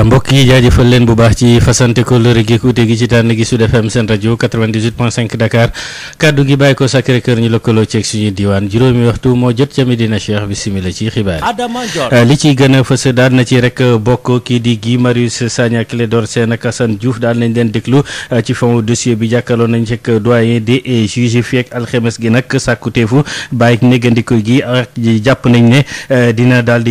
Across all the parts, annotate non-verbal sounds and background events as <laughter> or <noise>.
Euh, mbokk yi jaajëfal leen bu baax ci fasante ko gi ci tànn gi Sud FM seen rajo Dakar kaddu gi bàyyi ko Sacré Cœur ñu lëkkaloo ceeg suñuy diwaan juróomi waxtu moo jot ca Medina Cheikh bisimila ci xibaar euh, li ciy gën a fës ci rek bokk kii di Marius Sagna Clédor Sène ak Assane Diouf daal leen déglu euh, ci fond dossier bi jàkkaloo nañ cek doyen des juges fi ak alxemes gi nag sàkkuteefu bàyyi négandiko gi ak jàpp nañ ne dina daal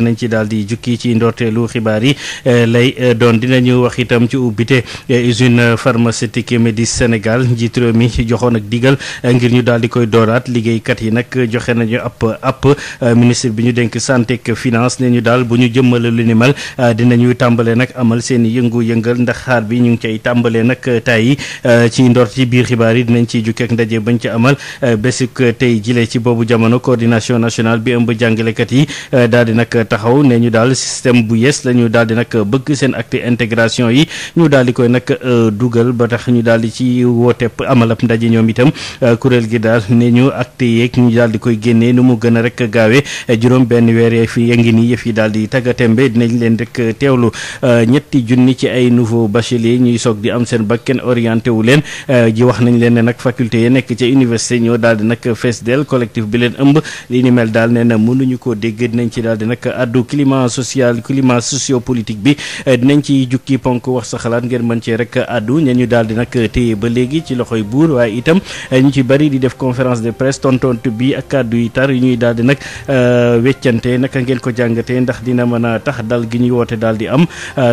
dinañ ci daal di jukki ci ndorteelu xibaar yi eh, lay eh, doon dinañu wax itam ci ubbite eh, usine pharmaceutique Médis Sénégal njiit réew mi joxoon ak digal ngir ñu daal di koy dooraat liggéeykat yi nag joxe nañu app app ministre bi ñu denk santé ak finance ne ñu daal bu ñu jëmmale lu ni mel dinañuy tàmbale nag amal seen yëngu-yëngal ndax xaar bi ñu ngi cay tàmbale nag tay ci ndor ci biir xibaar yi dinañ ciy jukki ak ndaje bañ ci amal bésuk tey jile ci boobu jamono coordination nationale bi taxaw ne ñu daal système bu yees la ñu daal di nag bëgg seen acte intégration yi ñu daal di koy nag euh, dugal ba tax ñu daal di ci wootepp amalab ndaje ñoom itam euh, kuréel gi daal ne ñu acte yeeg ñu daal di koy génnee nu mu gën a rek gaawee euh, juróom benn weer yee fi ngi ni yëf yi daal di tàggatembe dinañ leen rek teewlu ñetti junni ci ay nouveau bachelier ñuy soog di am seen bac kenn orienté wu leen ji wax nañ leen ne nag faculté yi nekk ca université ñoo daal di nag fees del collectif bi addu climat social climat sociopolitique bi eh, dinañ ci jukki ponk wax sa xalaat ngeen man cee rek addu ña ñu daal di nag téye ba léegi ci loxoy buur waaye itam eh, ñu ci bëri di def conférence de presse tontontu bi ak kàddu yi tar yu ñuy daal di nag eh, weccante naka ngeen ko jàngatee ndax dina mën a tax dal gi ñu woote daal di am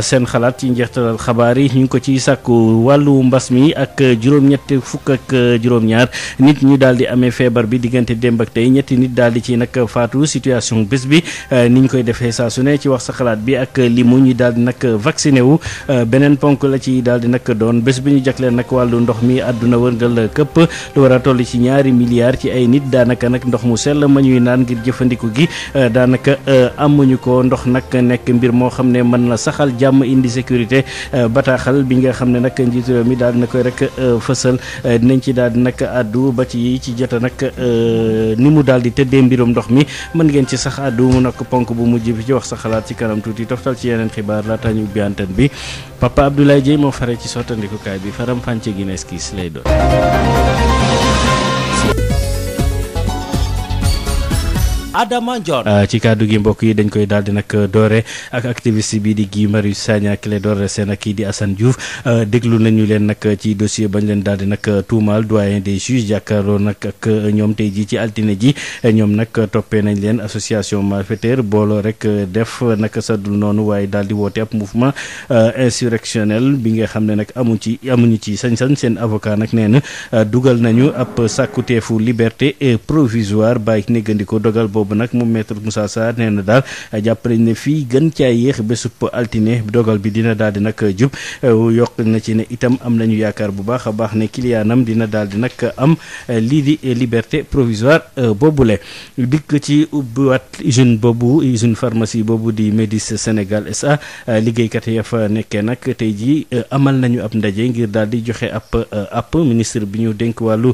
seen xalaat ci njeextalal xabaar yi ñu ngi ko ci sàkku wàllu mbas mi ak juróom-ñett fukk ak juróom-ñaar nit ñu daal di amee feebar bi diggante démb ñu koy defee saa su ne ci wax sa xalaat bi ak li mu ñu daal di nag vacciné wu euh, beneen ponk la ci daal di nag doon bés bi ñu jagleel nag wàllu ndox mi àdduna wërngal këpp lu war a toll ci ñaari milliards ci ay nit daanaka nag ndox mu sell ma ñuy naan ngir jëfandiku gi euh, daanaka euh, amuñu ko ndox nag nekk mbir moo xam ne mën na saxal jàmm indi sécurité bataaxal bi nga xam ne nag njiitu réew mi daal dina koy rek fësal dinañ ci daal di nag àddu ba ci ci jota nag ni mu daal di tëddee mbirum ndox mi mën ngeen bu mujj bi ci wax sa xalaat ci kanam tuuti toftal ci yeneen xibaar laataa ñu ubbi antenne bi Papa Abdoulaye Dieye moo fare ci sottandikukaay bi faram fànce Guinness kiis lay doon. Adama Ndione. Euh, ci kàddu gi mbokk yi dañ koy daal di nag euh, doore ak activiste bii di Guy Marius Sagna Clédor Sène kii di Assane Diouf euh, déglu nañu leen nag ci dossier bañ leen daal di nag tuumaal doyen des juges jàkkaarloo nag ak ñoom tey jii ci altine ji ñoom nag toppee nañ leen association malfaiteur booloo rek def naka sadul noonu waaye daal di woote ab mouvement insurrectionnel bi nga xam ne nag amu ci amuñu ci sañ-sañ seen avocat nag nee na dugal nañu ab sàkkuteefu liberté provisoire bàyyi néegandiko dogal boobu. boobu nag moom maître Moussa Sarr nee na daal jàpp nañ ne fii gën caa yéex bésub altine dogal bi dina daal di nag jub euh, yokk na ci ne itam am nañu yaakaar bu baax a baax ne kiliyaanam dina daal di nag am euh, lii di liberté provisoire euh, boobule dikk ci ubbiwaat usine boobu usine pharmacie boobu di Médis Sénégal SA liggéeykat ya fa nekkee nag tey jii amal nañu ab ndaje ngir daal di joxe ab app ministre bi ñu dénk wàllu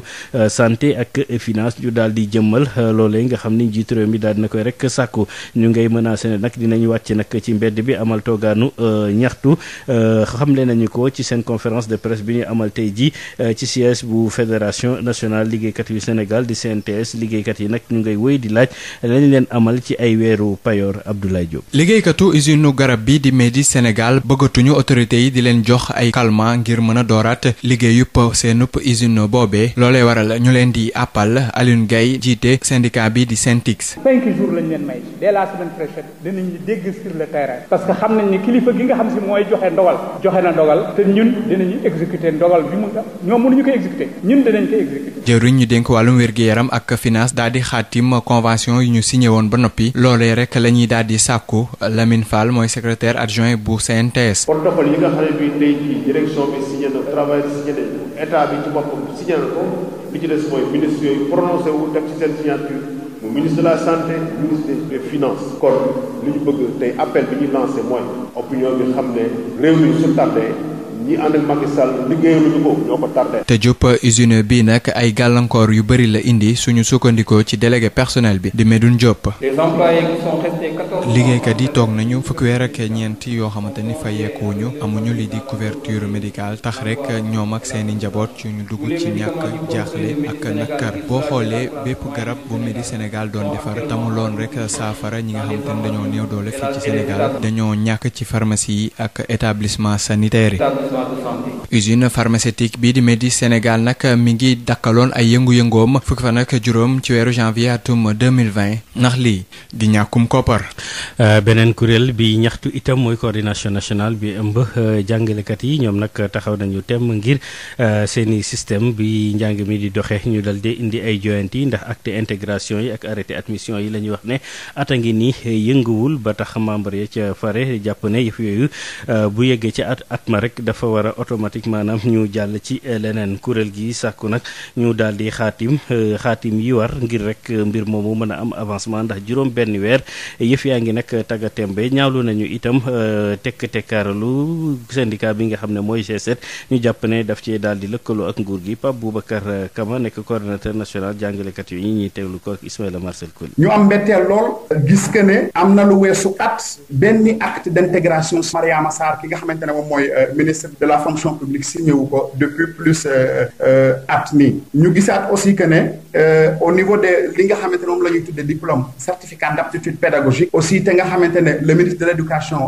santé ak finance ñu daal di jëmmal loolee nga xam ni jiitu réew mi daal dina koy rek sàkku ñu ngay menacé ne nag dinañ wàcc nag ci mbedd bi amal toogaanu euh, ñaxtu euh, xamle nañu ko ci seen conférence de presse bi ñu amal tey ji euh, ci siège bu fédération nationale liggéeykat yu Sénégal di CNTS liggéeykat yi nag ñu ngay woy di laaj lañ leen amal ci ay weeru payoor Abdoulaye Diop. liggéeykatu usine garab bi di Medi Sénégal bëggatuñu autorité yi di leen jox ay calmant ngir mën a dooraat liggéey yu usine boobee loolee fixe. cinq jours lañ leen may dès la semaine prochaine dinañ ñu dégg sur le terrain parce que xam nañ ne kilifa gi nga xam si mooy joxe ndogal joxe na ndogal te ñun dinañu exécuter ndogal bi mu ñoom mënuñu koy exécuter ñun dinañ koy exécuter. jëriñ ñu dénk wàllum wér-gu-yaram ak finance daal di xaatim convention yu ñu signé woon ba noppi loolee rek la ñuy daal di sàkku Lamine Fall mooy secrétaire adjoint bu CNTS. protocole yi nga xam ne bi signé mu ministre de la santé ministre des finances kon li ñu bëgg tey appel bi ñuy lancé mooy opinion bi xam ne réew mi su tardé te Diop usine bi nag ay gàllankoor yu bëri la indi suñu sukkandikoo ci délégué personnel bi di Medoune Diop. liggéeykat yi toog nañu fukki weer ak ñeenti yoo xamante ni ñu amuñu li di couverture médicale tax rek ñoom ak seeni njaboot ci dugg ci ñàkk jaaxle ak nakar boo xoolee bépp garab bu Medi Sénégal doon defar tamu loon rek saafara ñi nga xamante dañoo néew doole fii ci Sénégal dañoo ñàkk ci pharmacie yi ak établissement sanitaire yi. usine pharmaceutique bi di Medis Sénégal nag mi ngi dakkaloon ay yëngu-yëngoom fukki fan ak juróom ci weeru janvier atum 2020 ndax lii di ñàkkum koppar. Euh, beneen kuréel bi ñaxtu itam mooy coordination nationale bi ëmb euh, jàngalekat yi ñoom nag taxaw nañu temm ngir euh, seeni système bi njàng mi di doxee ñu dal di indi ay joyante yi ndax acte intégration yi ak arrêté admission yi la ñuy wax ne ata ngi nii yënguwul ba tax membre ya ca fare jàpp ne yooyu bu politique maanaam ñu jàll ci eh, leneen kuréel gi sàkku nag ñu daal di xaatim eh, xaatim yi war ngir rek eh, mbir moomu mën a am avancement ndax juróom benn weer yëf yaa ngi nag tagga tembe ñaawlu nañu itam tekk tekkaaralu syndicat bi nga xam ne mooy G7 ñu jàpp ne daf ci daal di lëkkaloo ak nguur gi Pape Boubacar Kama nekk coordonnateur national jàngalekat yi ñuy teewlu ko ak Ismaïla Marcel Kouli ñu am mbetteel lool gis que ne am na lu weesu at benn acte d' publique signé wu ko depuis plus euh, euh, at mi ñu gisaat aussi que ne euh, au niveau de li nga xamante ne moom la ñuy tudde diplôme certificat d'aptitude pédagogique aussi te nga xamante ne le ministre de l'éducation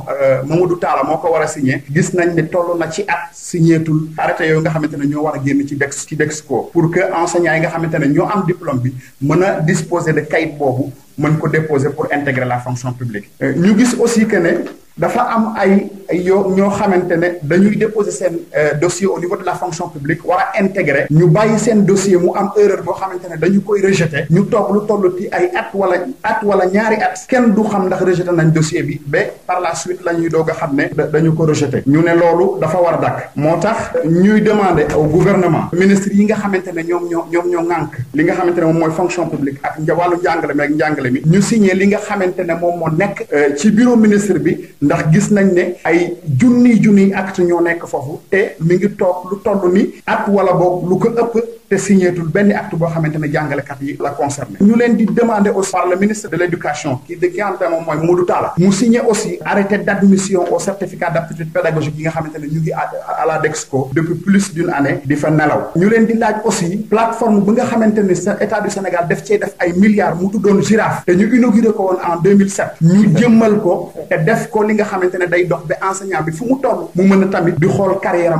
Mamadou Talla moo ko war a signé gis nañ ne toll na ci at signéetul arrêté yooyu nga xamante ne ñoo war a génn ci dex ci ko pour que enseignants yi nga xamante ne ñoo am diplôme bi mën a disposer de kayit boobu mën ko déposer pour intégrer la fonction publique dafa am ay yoo ñoo xamante ne dañuy déposer seen euh, dossier au niveau de la fonction publique war a ñu bàyyi seen dossier mu am erreur boo xamante ne dañu koy rejeter ñu toog lu toll ti ay at wala at wala ñaari at kenn du xam ndax rejeter nañ dossier bi ba par la suite la ñuy doog a xam ne dañu ko rejeter ñu ne loolu dafa war a dakk moo tax ñuy demander au gouvernement ministre yi nga xamante ne ñoom ñoo ñoom ñoo ŋànk li nga xamante ne moom mooy fonction publique ak wàllu njàngale mi ak mi ñu signé li nga xamante ne moom moo nekk euh, ci bureau ministre bi ndax gis nañ ne ay junniy junniy acte ñoo nekk foofu te mi ngi toog lu toll ni at wala boog lu ko ëpp te signéetul benn acte boo xamante ne jàngalekat yi la concerné ñu leen di demander aussi par le ministre de l' éducation ki de ki nga xamante ne moom mooy Modou Talla mu signé aussi arrêté d' admission au certificat d' aptitude pédagogique yi nga xamante ne ñu ngi à la depuis plus d' di fa nelaw ñu leen di laaj aussi plateforme bi nga xamante ne sa état du Sénégal def cee def ay milliards mu tuddoon girafe te ñu inauguré ko woon en 2007 ñu jëmmal ko te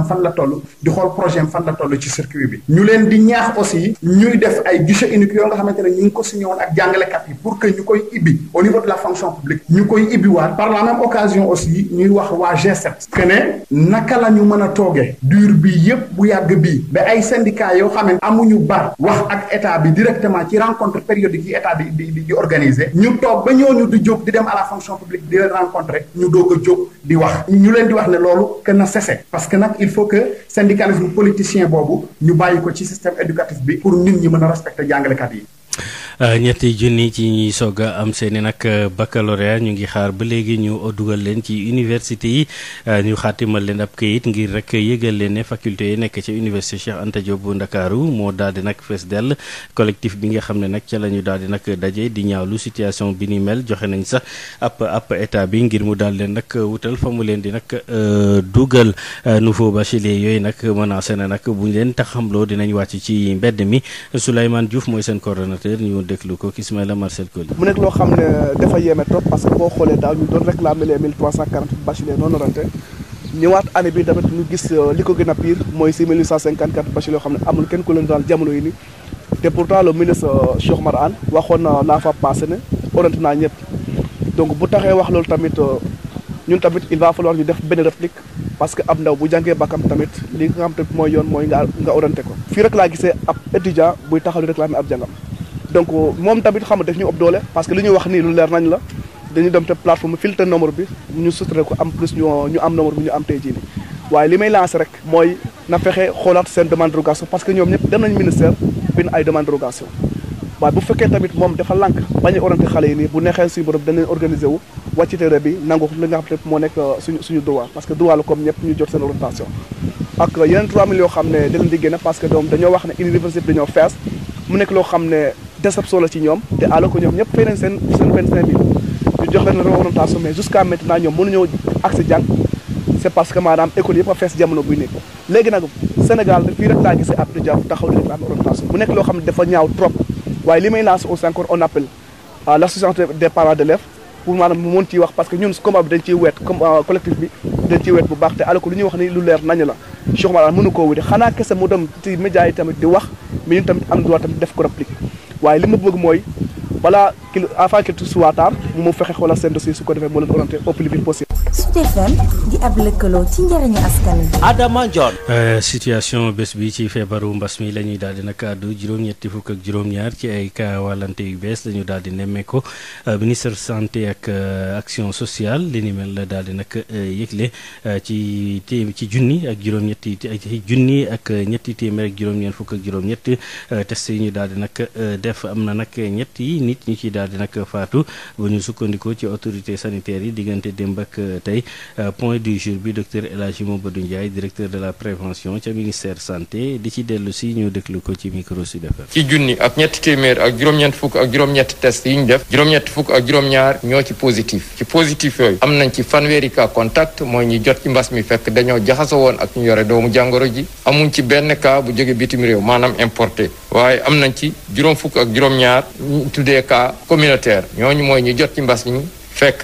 fan la toll di xool projet am la toll ci bi di ñaax aussi ñuy def ay guichet unique yoo nga xamante ne ñu ngi ko signé woon ak jàngalekat yi pour que ñu koy ibbi au niveau de la fonction publique ñu koy ibbiwaat par la même occasion aussi ñuy wax waa G7 naka la ñu mën a toogee dur bii yépp bu yàgg bii ba ay syndicats yoo xam ne amuñu bar wax ak état bi directement ci rencontre périodique yi état bi di di di organiser ñu toog ba ñooñu di jóg di dem à la fonction publique di leen rencontrer ñu doog a jóg di wax ñu leen di wax ne loolu que na parce que nag il faut que syndicalisme politicien boobu ñu bàyyi ko ci système bi pour nit ñi mën a respecter jàngalekat yi Euh, ñetti junni ci ñu soog a am seeni nag euh, baccalauréat ñu ngi xaar ba léegi ñu dugal leen ci université yi euh, ñu xaatimal leen ab kayit ngir rek yëgal leen ne faculté yi nekk ci université Cheikh Anta bu Ndakaaru moo daal di nag fees dell collectif bi nga xam ne nag ca la ñu daal di nag daje di ñaawlu situation bi ni mel joxe nañ sax ab ab état bi ngir mu daal leen nag wutal fa mu leen di nag dugal nouveau bachelier yooyu nag menacé na nag bu ñu leen taxamloo dinañ wàcc ci mbedd mi Souleymane Diouf mooy seen coordonnateur déglu ko Ismaïla Marcel Coly mu nekk loo xam ne dafa yéeme trop parce que boo xoolee daaw ñu doon réclamer les 1340 bacheliers non honorantés ñëwaat année bi ñu gis euh, li ko gën a pire mooy 6854 bacheliers yoo xam ne amul kenn ku leen daal jamono yi ni te pourtant le ministre euh, Cheikh Oumar Anne waxoon na naa fa passé ne orienté bu taxee wax loolu tamit euh, ñun tamit il va falloir ñu def benn réplique parce que ab ndaw bu jàngee bakkam tamit li nga xam tamit mooy yoon mooy nga nga orienté ko fii rek laa gisee ab étudiant buy taxaw di réclamer ab jàngam donc euh, moom tamit xam nga daf ñu ëpp doole parce que li ñuy wax nii lu leer nañ la dañu dem te plateforme filtre nombre bi ñu suturé ko bi mooy na fexe xoolaat seen demande dérogation dem nañ ministère bind ay demande dérogation waaye bu fekkee tamit moom dafa lànk bañ a orienté xale yi nii bu neexee suñu borom danañ organiser wu wàcc terrain nangu li nga xam ne moo nekk euh, parce que droit la comme ñëpp ñu jot seen orientation ak xam ne da leen di parce que doom dañoo wax ne université bi dañoo fees mu nekk loo xam ne des ab solo ci ñoom te alors que ñoom ñëpp fay nañ seen seen vingt cinq mille ñu jox leen représentation mais jusqu'à maintenant ñoom mënuñoo accès jàng parce que maanaam école yëpp a fees jamono buy nekk léegi nag Sénégal fii rek laa gisee Abdou Diaw taxaw di réclamer orientation mu nekk loo xam ne dafa ñaaw trop waaye li may lancé aussi encore on pour maanaam mu mën ciy wax parce que ñun combat bi dañ ciy weet comme euh, collectif bi dañ weet bu baax te alors que lu ñuy wax ni lu leer nañu la Cheikh Malang mënu koo wuti xanaa kese mu dem ci médias yi di wax mais ñun tamit def ko réplique waaye li ma bëgg mooy balaa kii avant qu'il soit tard mu fexe xoolal seen dossier su ko defee moo leen orienté au plus possible. Sud FM di ab lëkkaloo ci njëriñu askan wi. Adama Ndione. Euh, situation bés bi ci feebaru mbas mi la ñuy daal di nag àddu juróom-ñetti fukk ak juróom-ñaar ci ay cas wàllante yu bees lañu ñu daal di nemmeeku euh, ministre santé ak euh, action sociale li mel la daal di nag yëgle ci ci junni ak juróom-ñetti ci junni ak ñetti téeméer ak juróom-ñeent fukk ak juróom-ñett test yi ñu daal di nag def am na nag ñetti nit ñu ciy daal di nag faatu ba ñu sukkandikoo ci autorité sanitaire yi diggante démb ak. tey euh, point du jour bi docteur El Hadji Mamadou Ndiaye directeur de la prévention ca ministère santé di ci dellu si ñu déglu ko ci micro Sud FM ci junni ak ñetti téeméer ak juróom-ñett fukk ak juróom test yi ñu def juróom fukk ak ñaar ñoo ci positif ci positif yooyu am nañ ci fanweeri cas contact mooy ñi jot ci mbas mi fekk dañoo jaxasoo woon ak ñu yore doomu jàngoro ji amuñ ci benn kaa bu jóge bitim réew maanaam importé waaye am nañ ci juróom fukk ak juróom-ñaar ñu tuddee cas communautaire ñooñu mooy ñi jot ci mi fekk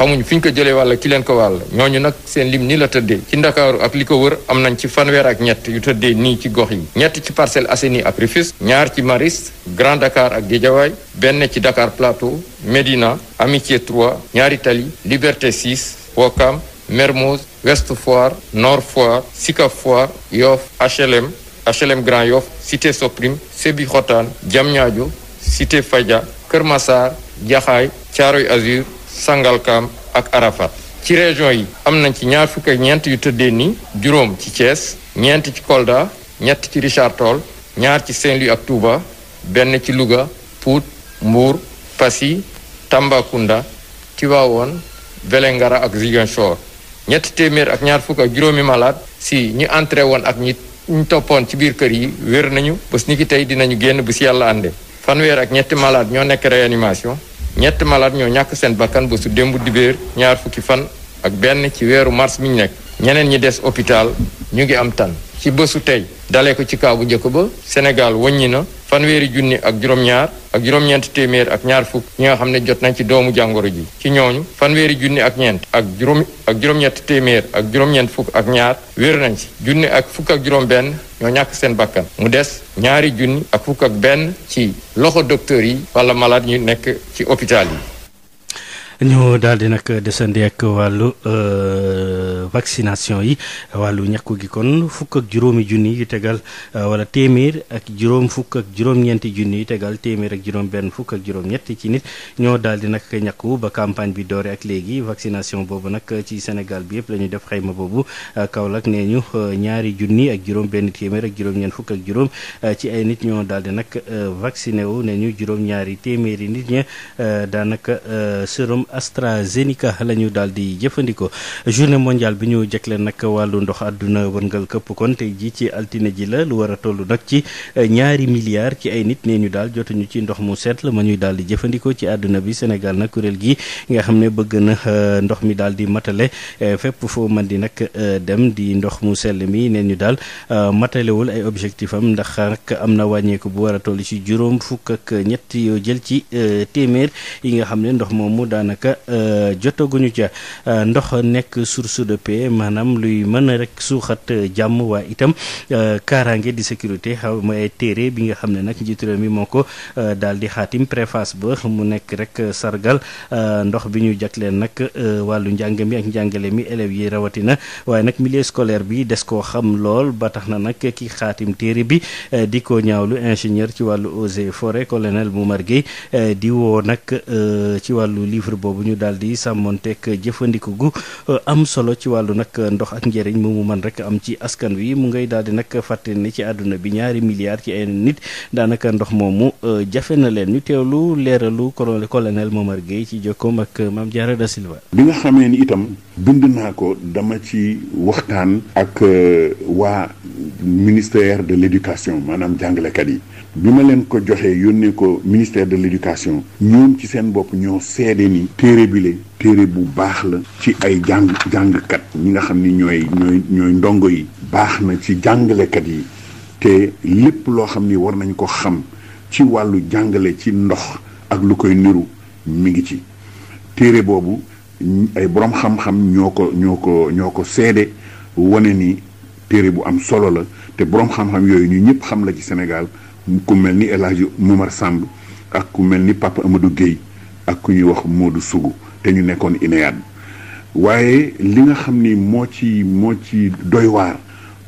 xamuñ fi ñu ko jëlee walla ki leen ko wàll ñooñu nag seen lim ni la tëddee ci ndakaaru ak li ko wër am nañ ci fanweer ak ñett yu tëddee nii ci gox yi ñett ci Parcelles Assainies ak Rufisque ñaar ci maris Grand Dakar ak Guédiawaye benn ci Dakar Plateau Médina Amitié 3 ñaari Tali Liberté 6 Ouakam Mermoz Ouest Foire Nord Foire Sicap Foire Yoff HLM HLM Grand Yoff Cité Soprim Sébikotane Diamniadio Cité Fadia Kër Massar Jaxaay Thiaroye Azur Sangalkam ak Arafat ci région yi am nañ ci ñaar fukk ak ñeent yu tëddee ni juróom ci Thiès ñeent ci Kolda ñett ci Richard tool ñaar ci Saint-Louis ak Touba benn ci Louga Pout Mbour Passy Tambacounda Tivaouane Vélingara ak Ziguinchor ñetti téeméer ak ñaar fukk ak juróomi malaat si ñi entré woon ak ñi ñu toppoon ci biir kër yi wér nañu bés ni ki tey dinañu génn bu si yàlla ànde fanweer ak ñetti malaat ñoo nekk réanimation ñetti malade ñoo ñàkk seen bakkan ba su démb dibéer ñaar fukki fan ak benn ci weeru mars mi ñu nekk ñeneen ñi des hôpital ñu ngi am tan ci bésu tey dalee ko ci kaw bu njëkk ba Sénégal wàññi na fanweeri junni ak juróom-ñaar ak juróom-ñeent téeméer ak ñaar fukk ñi nga xam ne jot nañ ci doomu jàngoro ji ci ñooñu fanweeri junni ak ñeent ak juróom ak juróom téeméer ak juróom fukk ak ñaar wér nañ ci junni ak fukk ak juróom-benn ñoo ñàkk seen bakkan mu des ñaari junni ak fukk ak benn ci loxo docteur yi wala malaat ñu nekk ci hôpital yi ñu daal di nag desandi ak wàllu euh, vaccination yi wàllu ñàkku gi kon fukk ak juróomi junni yu tegal euh, wala téeméer ak juróom fukk ak juróom-ñeenti yu tegal téeméer ak benn fukk ak juróom-ñett ci nit ñoo daal nag ñàkku ba campagne bi doore ak léegi vaccination boobu nag ci Sénégal bi yëpp la ñuy def xayma boobu euh, Kaolack nee ñu ñaari junni ak juróom-benn téeméer ak juróom-ñeent fukk ak juróom ci ay nit ñoo daal di nag vacciné wu nee ñu juróom-ñaari téeméeri nit ña daanaka sérum AstraZeneca la ñu daal di jëfandikoo journée mondiale bi ñu jëkle nag wàllu ndox àdduna wërngal këpp kon tey jii ci altine ji la lu war a toll nag ci eh, ñaari milliards ci ay nit nee ñu daal jotuñu ci ndox mu seet ma ñuy daal di jëfandikoo ci àdduna bi Sénégal nag kuréel gi nga xam ne bëgg na eh, ndox mi daal di matale eh, fépp foo man di nag dem di ndox mu sell mi nee ñu daal matalewul ay objectif am ndax nag am na wàññeeku bu war a toll ci juróom fukk ak ñett jël ci téeméer nga xam ne ndox moomu daanaka euh, jotaguñu ca euh, ndox nekk source de paix maanaam luy mën a rek suuxat euh, jàmm waa itam kaaraange di sécurité xaw ma téere bi nga xam ne nag njiitu réew mi moo ko daal di xaatim préface ba mu nekk rek sargal ndox bi ñu jagleen nag wàllu njàng ak njàngale mi élèves yi rawatina waaye nag milieu scolaire bi des koo xam lool ba tax na nag ki xaatim téere bi di ko ñaawlu ingénieur ci wàllu eaux et forêt colonel Moumar Gueye di woo nag ci wàllu livre boobu ñu daal di sàmmonteeg jëfandiku gu euh, am solo ci wàllu nag ndox ak njëriñ mu mu mën rek am ci askan wi mu ngay daal di nag fàttali ni ci àdduna bi ñaari milliards ci ay nit daanaka ndox moomu euh, jafe na leen ñu teewlu leeralu colonel Momar Gueye ci jokkoom ak Mame Diarra Da Silva. bi nga xamee ni itam bind naa ko dama ci waxtaan ak euh, waa ministère de l'éducation maanaam jàngalekat yi. bi ma leen ko joxee yónnee ko ministère de l'éducation ñoom ci seen bopp ñoo seede ni téere bi la téere bu baax la ci ay jàng jàngkat ñi nga xam ni ñooy ñooy ndongo yi baax na ci jàngalekat yi te lépp loo xam ni war nañ ko xam ci wàllu jàngale ci ndox ak lu koy niru mi ngi ci téere boobu ay boroom xam-xam ñoo ko ñoo ko ñoo ko seede wane ni téere bu am solo la te boroom xam-xam yooyu ñu ñëpp xam la ci Sénégal ku mel ni El Hadj Momar Samb ak ku mel ni Papa Amadou Guèye ak ku ñuy wax Modou Sougou te ñu nekkoon INEAD waaye li nga xam ni moo ci moo ci doy waar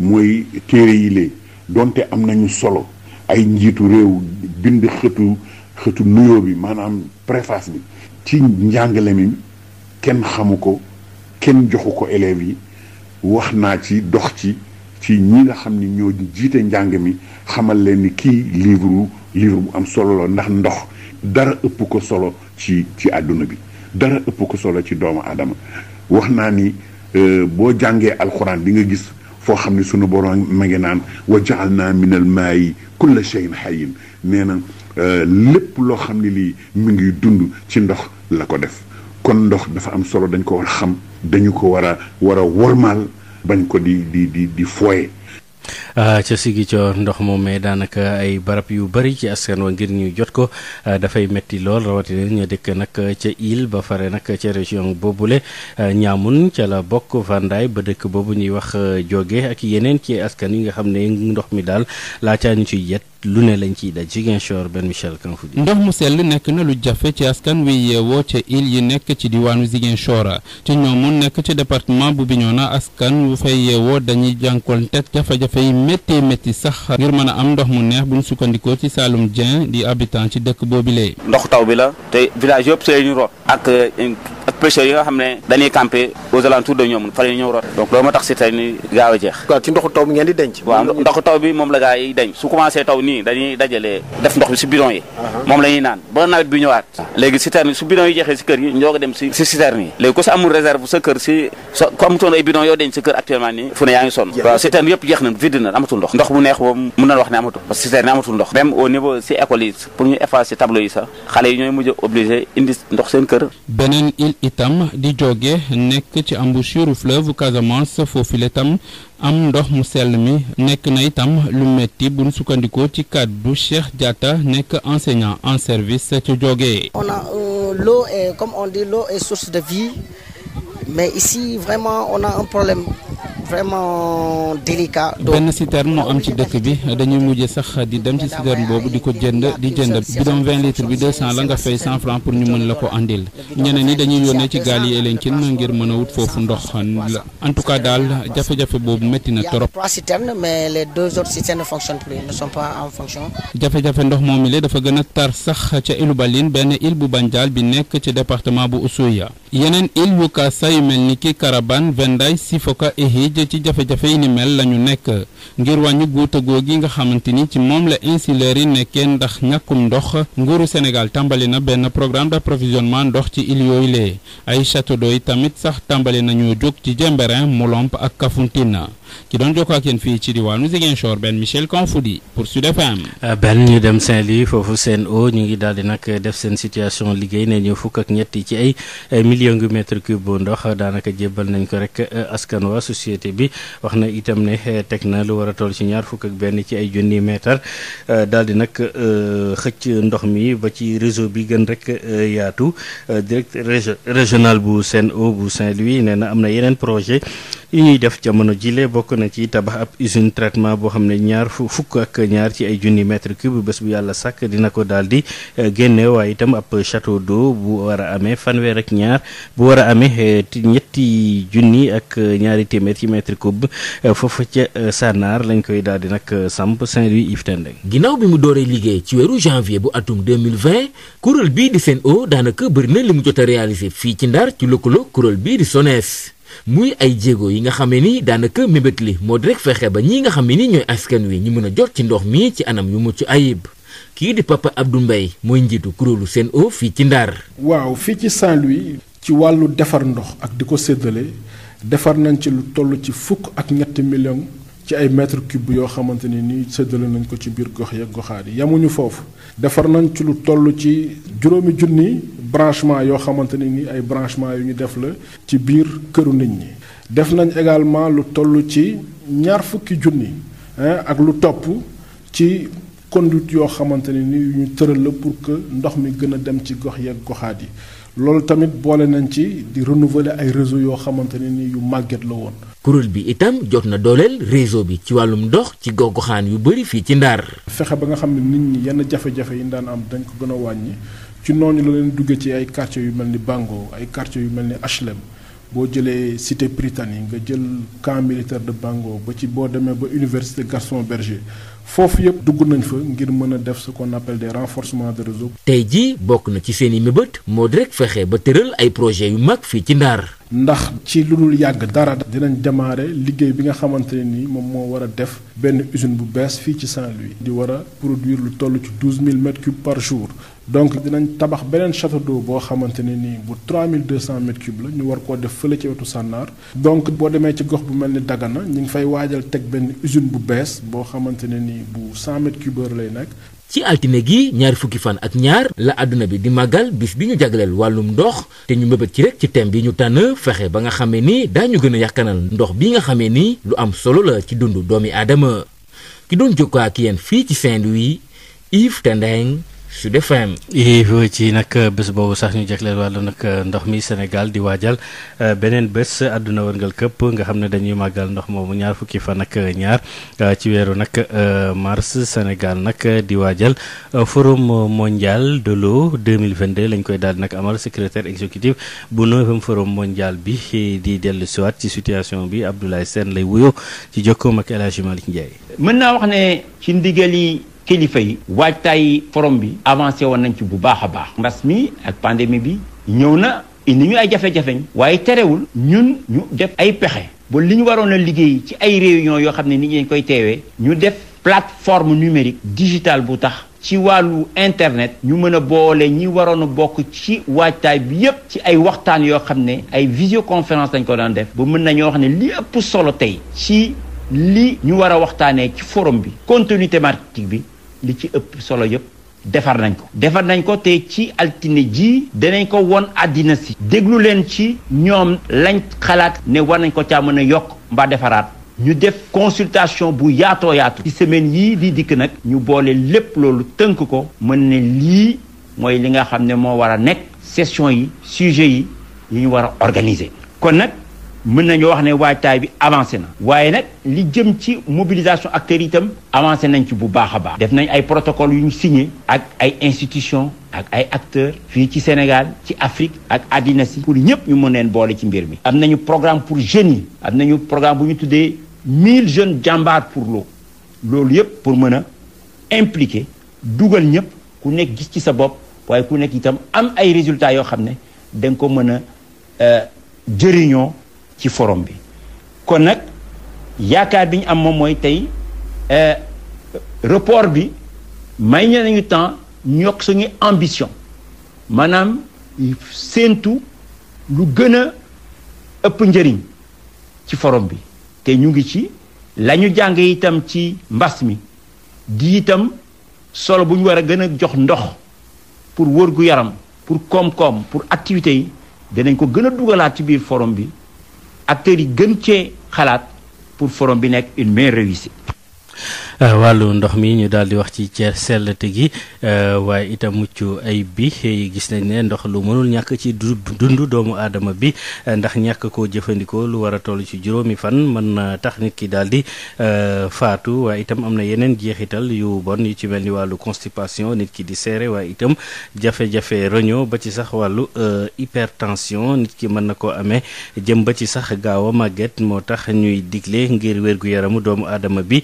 mooy téere yi lee donte am nañu solo ay njiitu réew bind xëtu xëtu nuyoo bi maanaam préface bi ci njàngale mi kenn xamu ko kenn joxu ko élèves yi wax naa ci dox ci ci ñi nga xam ni ñoo jiite njàng mi xamal leen ni kii livre livre bu am solo la ndax ndox dara ëpp ko solo ci ci àdduna bi dara ëpp ko solo ci doomu aadama wax naa ni euh, boo jàngee alxuraan di nga gis foo xam ne sunu borom ma ngi naan wa jaal naa minal maayi kulla cheyin hayin nee na euh, lépp loo xam ne lii mi ngi dund ci ndox la ko def kon ndox dafa am solo dañ ko war a xam dañu ko war a war a wormaal bañ ko di di di di foye Ah, ca Ziguinchor ndox moom mais daanaka ay barab yu bëri ci askan wa ngir ñu jot ko ah, dafay metti lool rawatina ñu dëkk nag ca Ile ba fare nag ca région boobule ah, ñaamun ca la bokk Vandaay ba dëkk boobu ñuy wax joge ak yeneen ci askan yi nga xam ne ndox mi daal laata ñu ciy yet lu ne lañ ciy daj Ziguinchor benn Michel Kanfoudi ndox mu sell nekk na lu jafe ci askan wi yeewoo ca yi nekk ci diwaanu Ziguinchor ci ñoomun nekk ci département bu Bignona askan wu dafay méttee métti sax ngir mën a am ndox mu neex bu ñu sukkandikoo ci Saloum Dieng di habitant ci dëkk boobilee ndoxu taw bi la te village yëpp see root ak ak yi nga xam ne dañuy camper aux alentours de gaaw a jeex ci ndoxu taw bi ngeen di denc waaw ndoxu taw bi moom la gaa yi denc su commencé taw nii dañuy dajale def ndox bi si bidon yi uh-huh. moom la naan ba nawet bi ñëwaat ah. léegi citerne yi su bidon yi jeexee si kër yi ñoo ko dem si si si amul vide na amatul ndox ndox bu neex boobu mën na wax ne amatul parce que citerne amatul ndox même au niveau si école yi pour ñu effacer tableau yi sax xale yi ñooy mujj obligé indi ndox seen kër beneen île itam di jóge nekk ci embouchure fleuve Casamance foofu itam am ndox mu sell mi nekk na itam lu metti bu ñu sukkandikoo ci kàddu Cheikh jata nekk enseignant en service ci jóge on a euh, l'eau est comme on dit l'eau est source de vie mais ici vraiment on a un problème vraiment délicat. benn citerne moo am ci dëkk bi dañuy mujj sax di dem ci citerne boobu di ko jënd di jënd bidon 20 litre bi 200 la nga fay 100 francs pour ñu mën la ko andil ñeneen ñi dañuy yónnee ci gaal yi Elinkine ngir mën a wut foofu ndox en tout cas daal jafe-jafe boobu métti na torop trois citernes mais les deux autres citernes ne fonctionnent plus ne sont jafe-jafe ndox moom mi dafa gën a tar sax ca Ilu Baline benn il bu Banjal bi nekk ci département bu Oussouya. yeneen île yu kaasa mel ni ki Karabane Venday Sifoka et ci jafe-jafe yi ni mel la ñu nekk ngir wàññi guutagoo gi nga xamante ni ci moom la insulaires yi nekkee ndax ñàkkum ndox nguuru Sénégal tàmbali na benn programme d'approvisionnement ndox ci île yooyu lee ay château d'eau yi tamit sax tàmbali nañu jóg ci Diembéring Molombe ak Kafountine ki doon jokkoo ak yéen fii ci diwaanu Ziguinchor benn Michel Kanfoudi pour Sud FM. Euh, benn ñu dem Saint-Louis foofu Sen'Eau ñu ngi daal di nag def seen situation liggéey ne ñu fukk ak ñetti ci ay million de mètres cubes ndox daanaka jébbal nañ ko rek euh, askan wa société bi wax na itam ne euh, teg na lu war a toll ci ñaar fukk ak benn ci ay junni mètre daal di nag xëcc ndox mi ba ci réseau bi gën rek yaatu direct régional bu Sen'Eau bu Saint-Louis nee na am na yeneen projet bokk na ci tabax ab usine traitement boo xam ne ñaar fukk ak ñaar ci ay junni metre cube bés bu yàlla sàkk dina ko daal di eh, génne waaye itam ab château d'eau bu war a amee fanweer ak ñaar bu war a amee eh, ñetti junni ak ñaari téeméer ci mètre cube eh, foofa ca Sànnaar lañ koy daal di nag samp Saint-Louis Yves Tendeng ginnaaw bi mu dooree liggéey ci weeru janvier bu atum 2020 kuréel bii di Sen'Eau daanaka bëri na li mu jot a réalisé fii ci Ndar ci lëkkaloo kuréel bii di SONES muy ay jéego yi nga xame ni daanaka mébét li moo di rek fexe ba ñii nga xam ne ni ñooy askan wi ñu mën a jot ci ndox mi ci anam yu mucc ayib kii di Papa du Mbaye mooy njiitu seen o fii ci Ndar. waaw fii ci Saint-Louis. ci wàllu defar ndox ak di ko séddale defar nañ ci lu toll ci fukk ak ñetti millions. ci ay mètre cube yoo xamante ni nii séddale nañ ko ci biir gox yeeg goxaat yi yemuñu foofu defar nañ ci lu toll ci juróomi junni branchement yoo xamante ni ay branchement yu ñu def la ci biir këru nit ñi def nañ également lu toll ci ñaar fukki junni ak lu topp ci conduite yoo xamante ni yu ñu tëral la pour que ndox mi gën a dem ci gox yeeg goxaat yi loolu tamit boole nañ ci di renouveler ay réseau yoo xamante ne ni yu màgget la woon. kuréel bi itam jot na dooleel réseau bi ci wàllum dox ci gox-goxaan yu bëri fii ci Ndar. fexe ba nga xam ne nit ñi yenn jafe-jafe yi daan am dañ ko gën a wàññi ci noonu la leen duggee ci ay quartiers yu mel ni Bango ay quartiers yu mel ni HLM. boo jëlee cité Prytanée nga jël camp militaire de Bango ba ci boo demee ba université Gaston Berger foofu yëpp dugg nañ fa ngir mën a def ce qu'on appelle de renforcement de réseau. tey jii bokk na ci seen i mébét moo di fexe ba tëral ay projet yu mag fii ci ndaar ndax ci lu dul yàgg dara dinañ démarrer liggéey bi nga xamante ne ni moom moo war a def benn usine bu bees fii ci Saint-Louis di war a produire lu toll ci douze mille mètres par jour donc dinañ tabax beneen château d'eau boo xamante ne nii bu trois mille deux cent mètres la ñu war koo def fële ci wetu Sànnaar donc boo demee ci gox bu mel ni Dagana ñu ngi fay waajal teg benn usine bu bees boo xamante ne nii bu cent mètres cubes lay nekk ci altine gi ñaari fukki fan ak ñaar la àdduna bi di màggal bis bi ñu jagleel wàllum ndox te ñu mbëbët ci rek ci thème bi ñu tànn fexe ba nga xamee ni daañu gën a yàkkanal ndox bi nga xamee ni lu am solo la ci dundu doomi aadama ki doon jokkoo ak yéen fii ci Saint-Louis Yves Tendeng Sud FM. ci nag bés boobu sax ñu leen wàllu nag euh, ndox mi Sénégal di waajal euh, beneen bés àdduna wërngal këpp nga xam ne dañuy màggal ndox moomu ñaar fukki fan ak ñaar euh, ci weeru nag mars Sénégal nag di waajal forum mondial de l'eau 2022 lañ koy daal nag amal secrétaire exécutif bu neuvième forum mondial bi di dellu siwaat ci situation bi Abdoulaye Sène lay wuyoo ci jokkoom ak El Hadji Malick Ndiaye. mën naa wax ne ci ndigal yi kilifa yi waajtaay forom bi avancé woon nañ ci bu baax a baax mbas mi ak pandemi bi ñëw na indi ñu ay jafe-jafeñ waaye terewul ñun ñu def ay pexe ba li ñu waroon a liggéey ci ay réunion yoo xam ne nit ñi koy teewee ñu def plateforme numérique digitale bu tax ci wàllu internet ñu mën a boole ñi waroon a bokk ci waajtaay bi yépp ci ay waxtaan yoo xam ne ay visioconférence lañ ko daan def ba mën nañoo wax ne li ëpp solo tey ci li ñu war a waxtaanee ci forum bi continuité thématique bi li ci ëpp solo yëpp defar nañ ko defar nañ ko te ci altine ji danañ ko won àddina si déglu leen ci ñoom lañ xalaat ne war nañ ko caa mën yokk mba defaraat ñu def consultation bu yaatoo yaatu ci semaine yii di dikk nag ñu boole lépp loolu tënk ko mën ne lii mooy li nga xam ne moo war a nekk session yi sujet yi yi ñu war a organiser kon nag mën nañoo wax ne waajtaay bi avancé na waaye nag li jëm ci mobilisation acteurs itam avancé nañ ci bu baax a baax def nañ ay protocole yu ñu signé ak ay institutions ak ay acteurs fii ci Sénégal ci Afrique ak àddina si pour ñëpp ñu mën leen boole ci mbir mi am nañu programme pour jeunes yi am nañu programme bu ñu tuddee mille jeunes jàmbaar pour l'eau loolu yëpp pour mën a impliquer dugal ñëpp ku nekk gis ci sa bopp waaye ku nekk itam am ay résultats yoo xam ne da ko mën a euh, jëriñoo ci forum bi kon nag yaakaar bi ñu am moom mooy tey euh, report bi may ñu nañu temps ñu yokk suñuy ambition maanaam séentu lu gën a ëpp njëriñ ci forom bi te ñu ngi ci lañu ñu jàng itam ci mbas mi di itam solo bu ñu war a gën a jox ndox pour wërgu yaram pour koom-koom pour activités yi dinañ ko gën a dugalaat ci biir forom bi acteurs yi gën cee xalaat pour forum bi nekk une meilleure réussite Eh, wàllu ndox mi ñu daal di wax ci ceer sellte gi eh, waaye itam mucc ay bi eh, gis nañ ne ndox lu mënul ñàkk ci dund doomu aadama bi ndax ñàkk ko jëfandikoo lu war a toll ci juróomi fan mën na tax nit ki daal di faatu waaye itam am na yeneen jeexital yu bon yu ci mel ni wàllu constipation nit ki di seere waaye itam jafe-jafe roño ba ci sax wàllu hypertension nit ki mën na koo amee jëm ba ci sax gaaw màgget moo tax ñuy digle ngir wérgu yaramu doomu aadama bi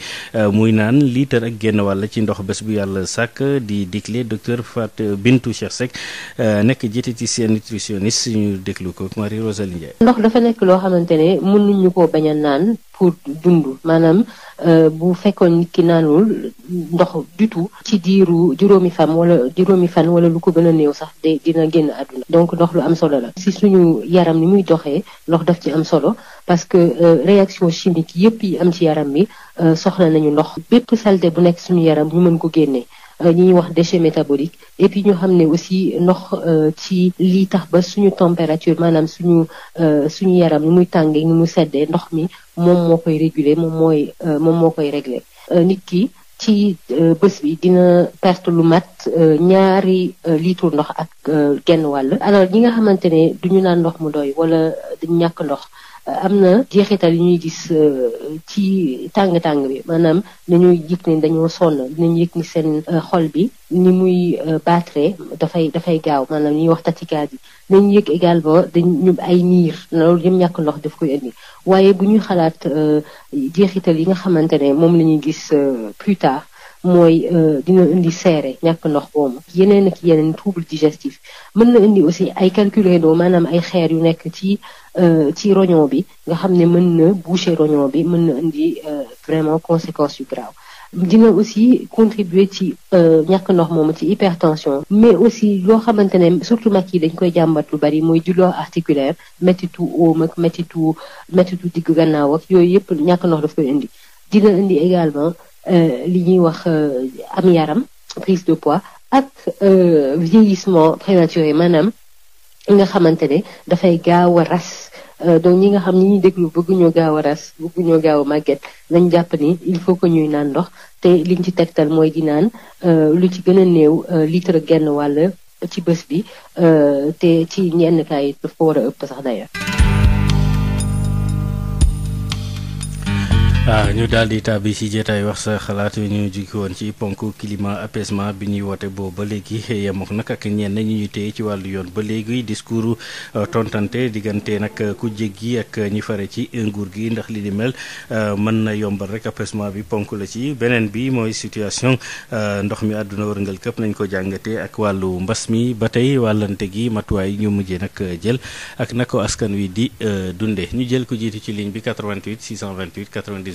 naan liitar ak génn wàll ci ndox bés bu yàlla sàkk di digle docteur Fat Bintou Cheikh Seck euh, nekk jiite ci seen nutritionniste ñu déglu ko Marie Rosalie ndox dafa nekk loo xamante ne mënuñu koo bañ a naan pour dund maanaam euh, bu fekkoon nit ki naanul ndox du tout ci diiru juróomi fan wala juróomi fan wala lu ko gën a néew sax de dina génn àdduna donc ndox lu am solo la si suñu yaram ni muy doxee ndox daf ci am solo parce que euh, réaction chimique yépp yi am ci yaram bi euh, soxla nañu ndox bépp saleté bu nekk suñu yaram ñu mën ko génnee ñi wax déchets métaboliques et puis ñu xam ne aussi ndox euh, ci lii tax ba suñu température maanaam suñu euh, suñu yaram ni muy tàngee ni mu seddee ndox mi moom moo koy réguler moom mooy euh, moom moo koy régler nit ki ci bés bi dina perte lu mat ñaari litre ndox ak genn wàll alors ñi nga xamante ne ñu naan ndox mu doy wala dañu ñàkk ndox am na jeexital yu ñuy gis euh, ci tàng-tàng bi maanaam dañuy yëg ni dañoo sonn dinañu yëg ni seen euh, xol bi ni muy euh, battre dafay dafay gaaw maanaam li ñuy wax tachycardie yi nañu yëg dañ dañu ay niir loolu yëpp ñàkk ndox def koy indi waaye bu ñuy xalaat jeexital yi nga xamante ne moom la gis plus tard mooy euh, dina indi seere ñàkk ndox boobu yeneen ak yeneen trouble digestif mën na indi aussi ay calculédo maanaam ay xeer yu nekk ci euh, ci roño bi nga xam ne mën na boucher roño bi mën na indi euh, vraiment conséquences yu grave dina aussi contribuer ci ñàkk ndox moomu ci hypertension mais aussi loo xamante ne surtout mag yi dañ koy jàmbat lu bari mooy douleur articulaire méttitu oom ak méttitu méttitu diggu gannaaw ak yooyu yëpp ñàkk ndox daf koy indi dina indi également Euh, li ñuy wax euh, am yaram prise de poids ak euh, vieillissement prématuré maanaam nga xamante ne dafay gaaw a ras donc ñi nga xam ni ñuy déglu bëgguñoo gaaw a ras bëgguñoo gaaw a màgget nañ jàpp ni il faut que ñuy naan ndox te liñ ci tegtal mooy di naan lu ci gën a néew litre genn walla ci bës bi te ci ñenn kaay daf ko war a ëpp sax d'ailleurs waaw ah, ñu daal di tàbbi ci jotaay wax sa xalaat ñu jig woon ci ponk climat apaisement bi ñuy woote boobu ba léegi yemook nag ak ñenn ñu ñu téye ci wàllu yoon ba léegi discours euh, tontante diggante nag ku jéggi ak ñi fare ci nguur gi ndax li di mel euh, mën na yombal rek apaisement bi ponk la ci beneen bi mooy situation euh, ndox mi àdduna wërngal këpp nañ ko jàngatee ak wàllu mbas mi ba tey wàllante gi matuwaay ñu mujjee nag jël ak na ko askan wi di dunde ñu jël ko jiitu ci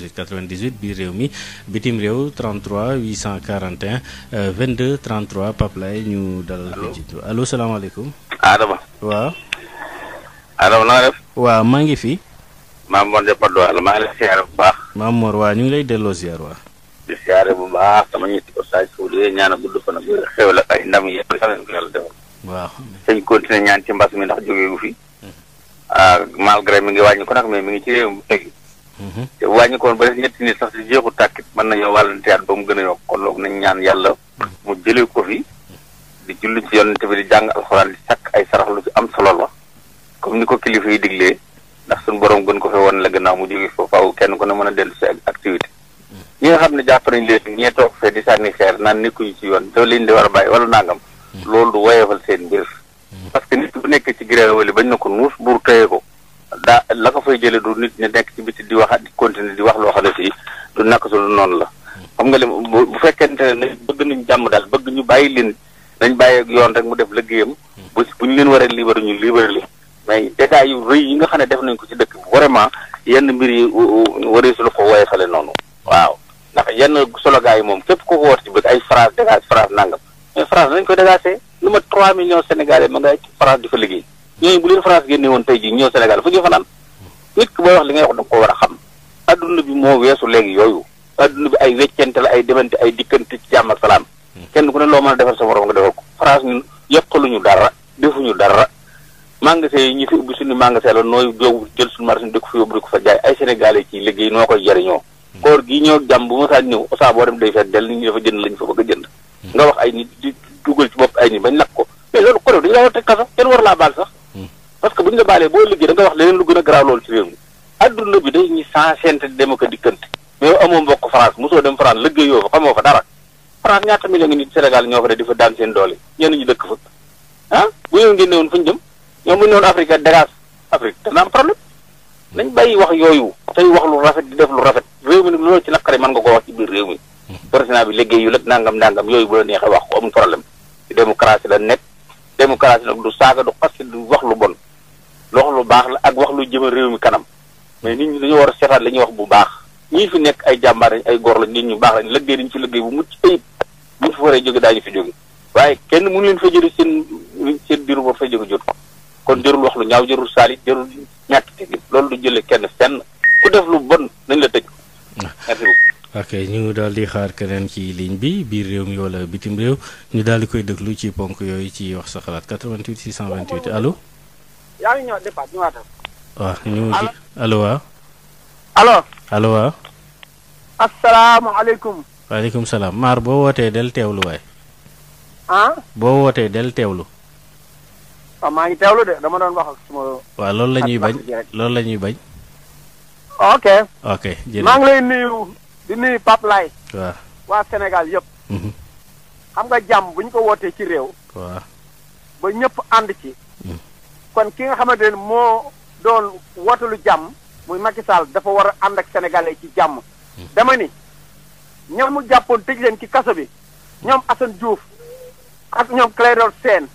98 98 biir réew mi bitim réew 33 841 22 33 Pape Lay ñu dalal ko jiitu allo salaamaaleykum. Adama. waa Adama na nga def. waaw maa ngi fi. Maam Mor de Patte d'Oie la maa ngi lay siyaare bu baax. Maam Mor waa ñu ngi lay delloo ziar waa. di siyaare bu baax sama ñetti oustaz fu dee ñaan gudd fan ak xew la ay ndam yi yàlla na ko yàlla defal. waaw sañ continuer ñaan ci mbas mi ndax jógeegu fi. Mm. ah malgré mi ngi wàññi ko nag mais mi ngi ci réew mi te wàññi koon ba def ñetti nit sax si jeexu tàkkit mën nañoo wàllante at ba mu gën a yokk kon loolu nañ ñaan yàlla mu jëlee ko fi di julli ci yonente bi di jàng alxuraan di sàkk ay sarax lu ci am solo la comme ni ko kilifa yi diglee ndax suñu borom gën ko fi woon la gannaaw mu jóge foofu faaw kenn ku ne mën a dellu si activité ñu nga xam ne jàpp nañ leen ñee toog fee di sànni xeer naan nekkuñu ci yoon dafa leen di war a bàyyi wala nangam loolu du woyefal seen mbir mm-hmm. parce que nit bu nekkee ci giréen wali bañ na ko nuus buur tëye ko daa la ko fay jële du nit ñi nekk ci biti di wax di continuer di wax loo xam ne si du nakk su noonu la xam nga leen bu fekkente ne bëgg nañ jàmm daal bëgg ñu bàyyi leen nañ bàyyi ak yoon rek mu def liggéeyam bu bu ñu leen waree libéré ñu libéré li mais dégâts yu rëy yi nga xam ne def nañ ko ci dëkk vraiment yenn mbir yi waree su la ko woyee fale noonu waaw ndax yenn slogan yi moom képp ko ko war ci bëgg ay France dégage France nangam mais France nañ ko dégagé lu ma trois millions sénégalais ma nga ci France di fa ñooñu bu leen tey ji ñëw Sénégal fu fanaan nit ki booy wax li nga wax da ko war a xam adduna bi moo weesu léegi yooyu adduna bi ay weccante la ay demante ay dikkante ci jàmm ak salaam hmm. kenn ku ne loo mën a defal sa morom nga defal ko France ñun yokkaluñu dara defuñu dara magasin yi ñu fi ubbi suñu magasin la nooy jóobu jël suñu marché di ko fi yóbbu di ko fa jaay ay sénégalais ci liggéey noo koy jariñoo hmm. koor gi ñëw jàmm bu ma saa ñëw saa boo dem day feet del nit ñi dafa jënd lañu fa bëgg a jënd hmm. nga wax ay nit di dugal ci bopp ay nit bañ lakk ko mais loolu ko def dañu laa war a teg kaso kenn parce que bu ñu la baalee boo liggéey da nga wax leneen lu gën a garaaw loolu ci réew mi adduna bi dañuy sansente di dem ak a dikkante mais yow amoo mbokk France mosoo dem France liggéeyoo fa xamoo fa dara France ñaata million ngi nit Sénégal ñoo fa de di fa daan seen doole ñenn ñi dëkk fa ah bu ñëw ngeen newoon ñoom bu ñu newoon Afrique dégage Afrique dana am problème nañ bàyyi wax yooyu tey wax lu rafet di def lu rafet réew mi nag loolu ci naqare mën nga ko wax ci biir réew mi président bi liggéey yu lag nangam nangam yooyu bu la neexee wax ko amul problème ci démocratie la nekk démocratie wax lu bon lox lu baax la ak wax lu jëmal réew mi kanam mais nit ñi dañoo war a seetaat la ñuy wax bu baax ñii fi nekk ay jàmbaar ay gor lañ nit ñu baax lañ lëggéey dañu fi lëggéey bu mucc ayib bu ñu fa waree jóge daañu fi jóge waaye kenn mënu leen fa jële seen seen biiru ba fa jóge jot kon jërul wax lu ñaaw jërul saalit jërul ñàkk tegin loolu du jële kenn fenn ku def lu bon dañ la tëj merci ok ñu daal di xaar keneen ci ligne bi biir réew mi wala bitim réew ñu daal di koy déglu ci ponk yooyu ci wax sa xalaat 88 628 allo yaa ngi ñu ngi ci allo waaw. allo. allo waaw. salaam maar boo wootee del teewlu waay. Ah? boo wootee del teewlu. waaw ah, maa ngi teewlu de dama doon wax ak suma. waaw loolu la ñuy bañ loolu la ñuy bañ. ok. ok jërëjëf maa ngi lay nuyu di nuyu Pape Laye. waaw waa Sénégal yëpp. Mhm. xam nga jàmm bu ñu ko wootee ci réew. waaw ba ñëpp ànd ci. kon ki nga xamante ne moo doon wootalu jàmm muy Macky Sall dafa war a ànd ak sénégalais ci jàmm. dama ni ñoom mu jàppoon tëj leen ci kaso bi ñoom Assane Diouf ak ñoom Clédor Sène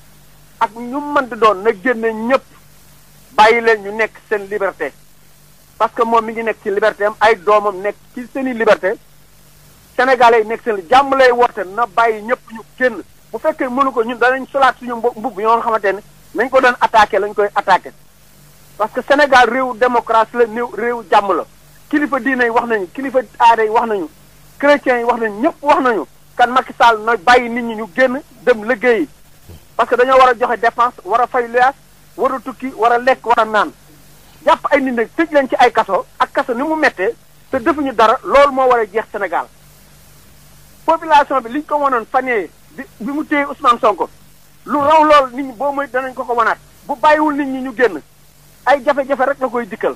ak ñu mënti doon na génne ñëpp bàyyi leen ñu nekk seen liberté. parce que moom mi ngi nekk ci liberté am ay doomam nekk ci seeni liberté sénégalais yi nekk seen jàmm lay woote na bàyyi ñëpp ñu génn bu fekkee mënu ko ñun danañ solaat suñu mbubb yoo nga xamante ne. nañ ko doon attaqué lañ koy attaqué parce que Sénégal réew démocratie la néew réewu jàmm la kilifa diine yi wax nañu kilifa aada yi wax nañu chrétiens yi wax nañu ñëpp wax nañu kan Macky Sall na bàyyi nit ñi ñu génn dem liggéeyi parce que dañoo war a joxe dépense war a fay luyaas war a tukki war a lekk war a naan jàpp ay nit nag tëj leen ci ay kaso ak kaso ni mu méttee te defuñu dara loolu moo war a jeex Sénégal population bi liñ ko wanoon fan bi mu téye Ousmane Sonko lu raw lool nit ñi boo mooy danañ ko ko wanaat bu bàyyiwul nit ñi ñu génn ay jafe-jafe rek la koy dikkal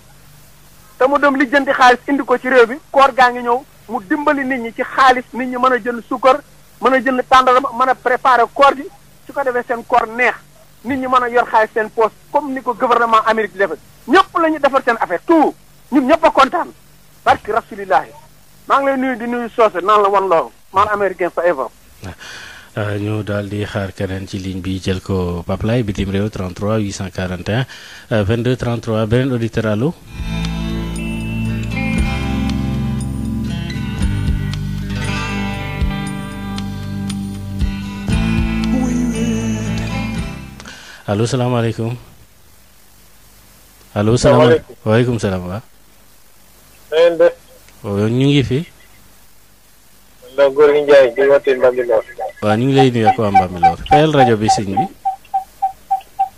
te mu dem lijjanti xaalis indi ko ci réew bi koor gaa ngi ñëw mu dimbali nit ñi ci xaalis nit ñi mën a jënd suukar mën a jënd tàndarama mën a préparer koor gi su ko defee seen koor neex nit ñi mën a yor xaalis seen poche comme ni ko gouvernement Amérique di defee ñëpp la ñu defar seen affaire tout ñun ñëpp a kontaan barki rasulillahi maa ngi lay nuyu di nuyu soose naan la wan loolu man américain forever Euh, ñu daal di xaar keneen ci ligne bi jël ko Pape Laye bitim réew 33 841 euh, beneen auditeur allo. allo salaamaaleykum. allo salaamaaleykum waaleykum salaam wa. fi. waaw ñu ngi lay nuyu ak waa Mbambilor fayal rajo bi sëñ bi.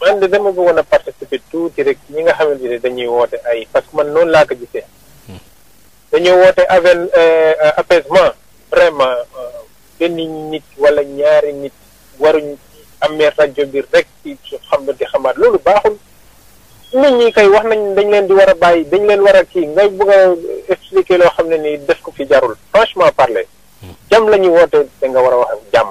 man de dama bëggoon a participer tuuti rek ñi nga xamante ne dañuy woote ay parce man noonu laa ko gisee. Hmm. dañoo woote avec euh, euh, apaisement vraiment euh, benn nit wala ñaari nit waruñ amee rajo bi rek ci xam di xamaat loolu baaxul. nit ñi kay wax nañ dañ leen di war a bàyyi dañ leen war kii ngay bëgg a expliquer loo xam ne nii def ko fi jarul franchement parler. jàmm la ñuy woote da nga war a wax ak jàmm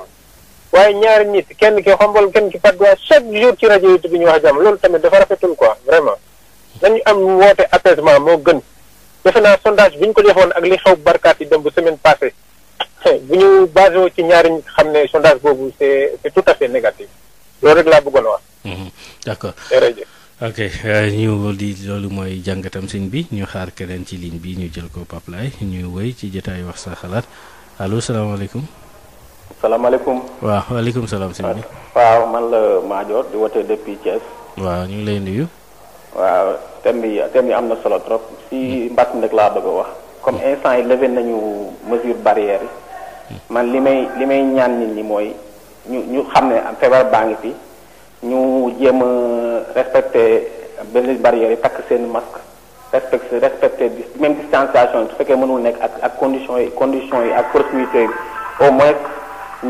waaye ñaari nit kenn ki xombal kenn ki fàdduwaay chaque jour ci rajo bi te duñu wax jàmm loolu tamit dafa rafetul quoi vraiment dañu am woote apaisement moo gën defe naa sondage bi ñu ko defoon ak li xew barkaat yi dem bu semaine passée <laughs> bu ñu basé ci ñaari xam ne sondage boobu c'est c'est tout à fait négatif loolu rek laa bëggoon a wax. Mhm. d'accord jërëjëf. ok euh, ñu di loolu mooy jàngatam sëñ bi ñu xaar keneen ci ligne bi ñu jël ko Pape Laye ñu wéy ci jotaay wax sa xalaat. allo salaamaaleykum. salaamaaleykum. waaw waaleykum salaam sëñ bi. waaw man la Madior di wootee depuis Thiès. waaw ñu ngi lay nuyu. waaw thème bi am na solo trop si mbas mi nag laa bëgg wax comme instant yi levé nañu mesure barrière yi hmm. man li may li may ñaan nit ñi mooy ñu ñu xam ne feebar baa ngi fi ñu jéem a respecté mesure yi takk seen masque. respecté respecté même distanciation yi su fekkee mënul nekk ak ak conditions yi conditions yi ak proximité yi au moins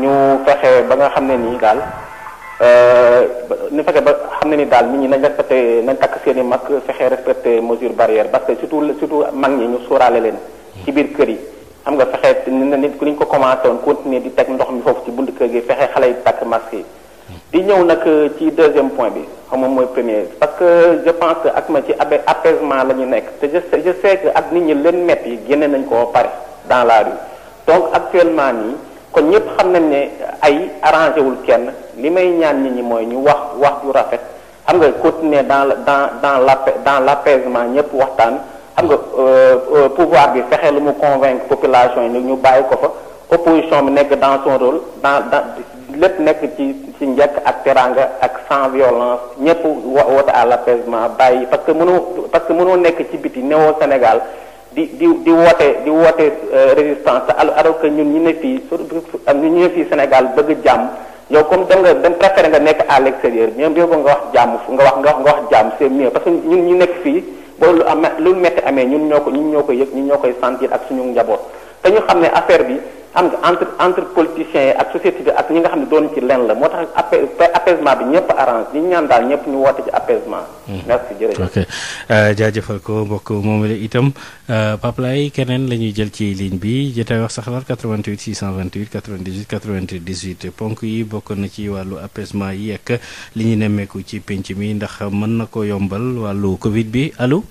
ñu fexe ba nga xam ne nii daal euh, ñu fexe ba xam ne ni daal nit ñi nañ respecté nañ takk seen i mag fexe respecté mesure barrière parce que surtout surtout mag ñi ñu sóoraale leen ci biir kër yi xam nga fexe nit ku ñu ko commencé woon continuer di teg ndox mi foofu ci bunt kër gi fexe xale yi takk masque yi di ñëw nag euh, ci deuxième point bi xam nga mooy premier parce que je pense ak ma ci apaisement la ñu nekk te je sais je sais que ak nit ñi leen métti yi génne nañ ko pare dans la rue donc actuellement nii kon ñëpp xam nañ ne ay arrangé wul kenn li may ñaan nit ñi mooy ñu wax wax ju rafet xam nga continuer dans dans dans la dans la l'apaisement ñëpp waxtaan xam nga euh, euh, pouvoir bi fexe lu mu convaincre population yi ñu bàyyi ko fa opposition bi nekk dans son lépp nekk ci ci njëkk ak teranga ak sans violence ñëpp woote à l'apaisement bàyyi parce que mënoo parce que mënoo nekk ci biti néo Sénégal di di di woote di woote euh, résistance alors que ñun ñu ne fii surtout ñu ne fii Sénégal bëgg jàmm yow comme da nga dem préféré nga nekk à l'extérieur mais yow nga wax jàmm nga wax nga wax nga wax jàmm c'est parce que ñun ñu nekk fii boo lu am lu metti amee ñun ñoo ko ñun ñoo ko yëg ñun ñoo koy sentir ak suñu njaboot am nga entre entre politiciens yi ak société bi ak ñi nga xam ne doon ci leen la moo tax apaisement bi ñëpp arrange ñi ñaan daal ñëpp ñu woote ci apaisement. Hmm. merci jërëjëf ok euh, jaajëfal ko mbokk moom la itam euh, Pape Laye keneen la ñuy jël ci ligne bi jotaay wax sa xalaat 88 628 98 98 ponk yi bokk na ci wàllu apaisement yi ak li ñu nemmeeku ci penc mi ndax mën na ko yombal wàllu Covid bi allo.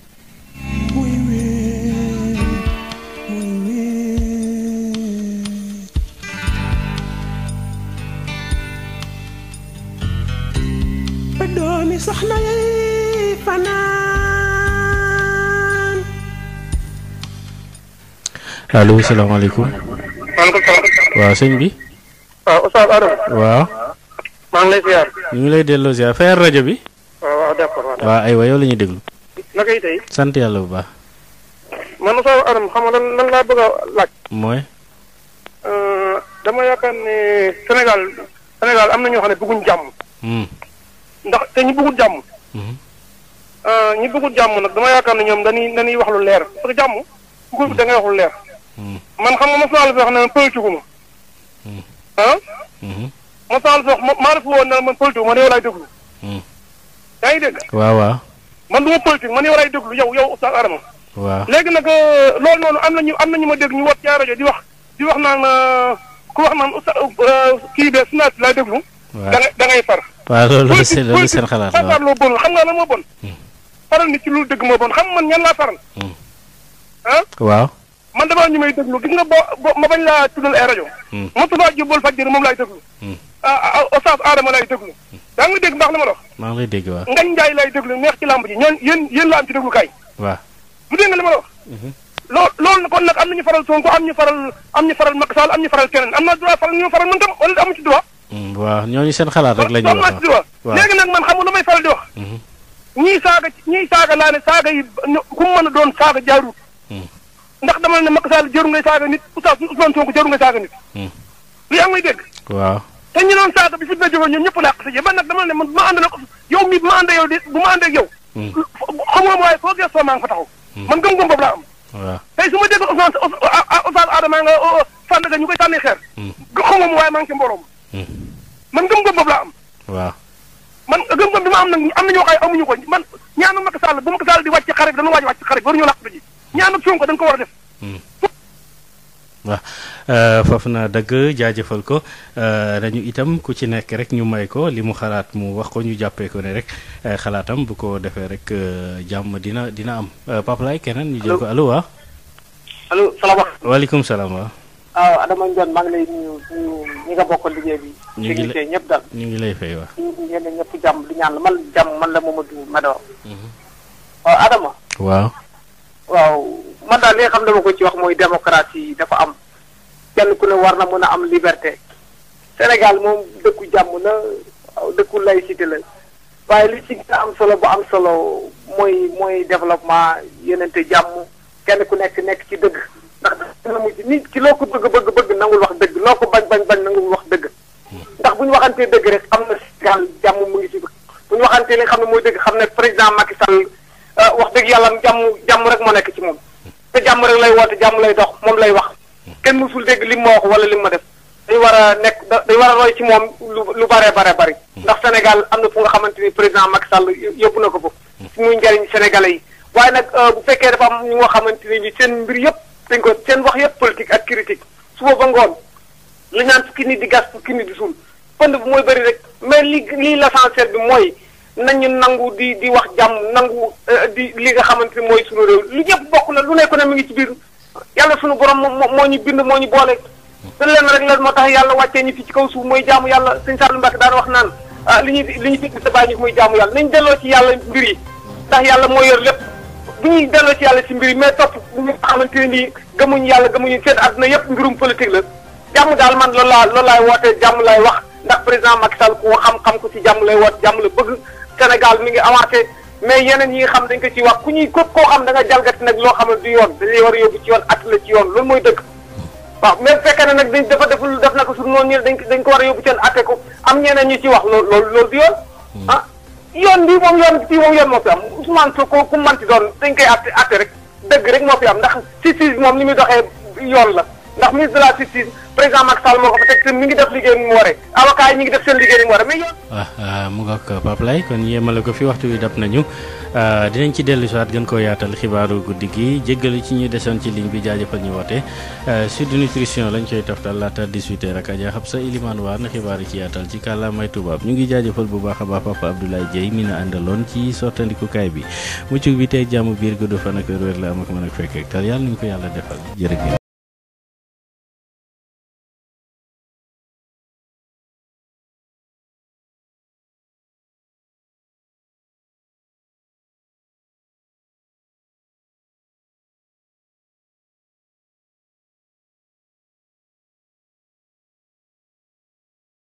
soxna yey fanaan. allo salaamaaleykum. maaleykum salaam. sëñ bi. waaw Oustaz Adama. waaw. maa ngi lay ziar. ñu lay delloo ziar fayal rajo bi. waaw waaw d'accord. yow la ñuy déglu. naka yi tey. sant yàlla bu baax. man Oustaz Adama xam lan laa bëgg laaj. mooy. Euh, dama yaakaar ne Sénégal Sénégal am na ñoo xam ne bëgguñ jàmm. Hmm. ndax te ñu bëggul jàmm. Mhm. Euh, ñu bëggul jàmm nag dama yaakaar na ñoom dañuy dañuy wax lu leer parce que jàmm da ngay wax lu leer. Mhm. man xam nga mos naa la fi wax ne man ma. ah. mos naa la fi wax ma maa def woon ne man politique ma yow laay déglu. yaa ngi dégg. waaw ma politique war yow laay déglu yow yow Oustaz Adama. waaw léegi nag euh, loolu noonu am na ñu am na ñu ma dégg ñu wat rajo di wax di wax naan euh, ku wax naan Oustaz kii de Sinaat laay déglu. da ngay da ngay far. waaw loolu seen loolu seen xalaat la waaw bon xam nga lan moo bon. Hmm. faral nit ci lu dëgg moo bon xam man ñan laa faral. Hmm. ah. waaw. man damaa ñu may déglu gis nga boo ma bañ laa tuddal ay rajo. Moustapha hmm. Diop Bol Fadjri moom laay déglu. Ah, ah, ah Oustaz Adama laay déglu. daa nga dégg ndax li ma dox. maa ngi lay dégg waaw. Ngañ Ndiaye la am ci déglukaay. waaw mu dégg nga li ma dox. Mm-hmm. loo loolu kon nag am nañu faral am ñu faral am ñu faral Macky Sall am ñu faral keneen am naa droit faral ñu faral man tam wala amu ci droit waaw ñooñu seen xalaat rek la ñuy léegi nag man xam nga lu may faral di wax. Mhm. ñii saaga ñii saaga laa ne saaga ku mu mën a doon saaga jaarut. Mhm. ndax dama ne ma Sall jëru ngay saaga nit Oustaz Ousmane Sonko jëru ngay saaga nit. Mhm. li yaa ngi may dégg. waaw bi si biir jógoon ñoom ñëpp laa ko si man ne man ma ànd nag yow mii bu ma àndee yow de bu ma man gëm-gëm boobu laa am. waaw tey su ma dégg Ousmane Adama nga Sandaga ñu koy tànni xeer. xam nga waaye maa ngi ci mbooloo man gëm-gëm boobu laa am. waaw man gëm-gëm bi ma am nag am na ñoo xam amuñu ko man ñaanu Macky Sall bu Macky Sall di wàcc xare bi dañu waaj a wàcc xare bi dañ ko war a def. Hmm. waaw euh, foofu na dëgg jaajëfal ko dañu euh, itam ku ci nekk rek ñu may ko li mu xalaat mu wax ko ñu jàppee ko ne rek euh, xalaatam bu ko defee rek jàmm dina dina am Pape Laye keneen ñu jël ko allo waaw. allo salaam waaw. waaw ah, Adama Ndione maa ngi lay nuyu nuyu ñi nga bokkal liggéey bi. ñu ngi lay ñëpp dal ñu ngi lay fay wax. yéen ñëpp jàmm di ñaan la man jàmm man la Momadou Mador. waaw mhm. ah, Adama. waaw. waaw man daal li xam dama ko ci wax mooy démocratie dafa am kenn ku ne war na mën a am liberté. Sénégal moom dëkku jàmm na dëkku la waaye li ci gën a am solo bu am solo mooy mooy développement yenente jàmm kenn ku nekk nekk ci dëgg. dana mujj ki loo ko bëgg bëgg bëgg nangul wax dëgg loo ko bañ bañ bañ nangul wax dëgg ndax bu wax waxantee dëgg rek am na Sénégal jàmm mu ngi ci bu ñu waxantee li nga xam ne mooy dëgg xam ne président Macky Sall euh, wax dëgg yàlla jàmm jàmm rek moo nekk ci moom te jàmm rek lay woote jàmm lay dox moom lay wax kenn musul dégg lim ma wax wala lim ma def dañ war nekk dañ war roy ci moom lu bare bare bari ndax Sénégal am na fu nga xamante ni président Macky Sall yóbbu na ko fa muy njariñ Sénégalais yi waaye nag euh, bu fekkee dafa am ñu nga xamante ni seen mbir yëpp dañ ko seen wax yëpp politique ak critique suba ba ngoon li naan fukki nit di gas fukki nit di suul pënd bu mooy bëri rek mais li lii l'essentiel bi mooy nañu nangu di di wax jàmm nangu euh, di li nga xamante ni mooy sunu réew lu ñëpp bokk na lu nekk ne mu ngi ci biir yàlla sunu borom moo moo ñu bind moo ñu boolee te lenn rek lan moo tax yàlla wàccee ñu fi ci kaw suuf mooy jaamu yàlla sëñ Saalum Mbacke daan wax naan ah, li ñuy li ñuy fekk sa bàyyi muy jaamu nañ delloo ci yàlla mbir yi yàlla moo yor lépp. bu ñuy delloo ci yàlla ci mbir yi mais topp ñi nga xamante ne gëmuñu yàlla gëmuñu seen àdduna yëpp mbirum politique la jàmm daal man loolu laa loolu wootee jàmm lay wax ndax président Macky Sall ku xam-xam ko ci jàmm lay woot jàmm la bëgg Sénégal mi ngi avancé mais yeneen yi nga xam dañ ko ci wax ku ñuy képp koo xam da nga jalgati nag loo xam du yoon dañuy war a ci yoon at la ci yoon loolu mooy dëkk waaw même fekkee ne nag dañ dafa deful def na ko su noonu ñu dañ dañ ko war a yóbbu ci yoon wax loolu loolu loolu du yoon hmm. ah, yoon bi moom yoon kii moom yoon moo fi am Ousmane Sonko ku mu mënti doon dañ koy àtte àtte rek dëgg rek moo fi am ndax justice moom ni muy doxee yoon la ndax ministre de la justice président Macky Sall moo ko fa teg te ngi def liggéey ni mu waree avocats yi ñu ngi def seen liggéey mu waree ah, ah, mu nga ak Pape kon yéemale ko fi waxtu wi dab nañu ah, dinañ ci dellu si waat gën koo yaatal xibaaru guddi gi jéggalu ci ñuy desoon ci ligne bi jaajëfal ñu woote Sud Nutrition lañ koy toftal laata 18h ak Adja Xabsa Ilimaan waar na xibaar yi ci yaatal ci kàllaamay tubaab ñu ngi jaajëfal bu baax a baax Papa Abdoulaye Dieye mi na àndaloon ci sottandikukaay bi mucc bi tey jàmm biir gudd fan la am ak mën yàlla ñu ko yàlla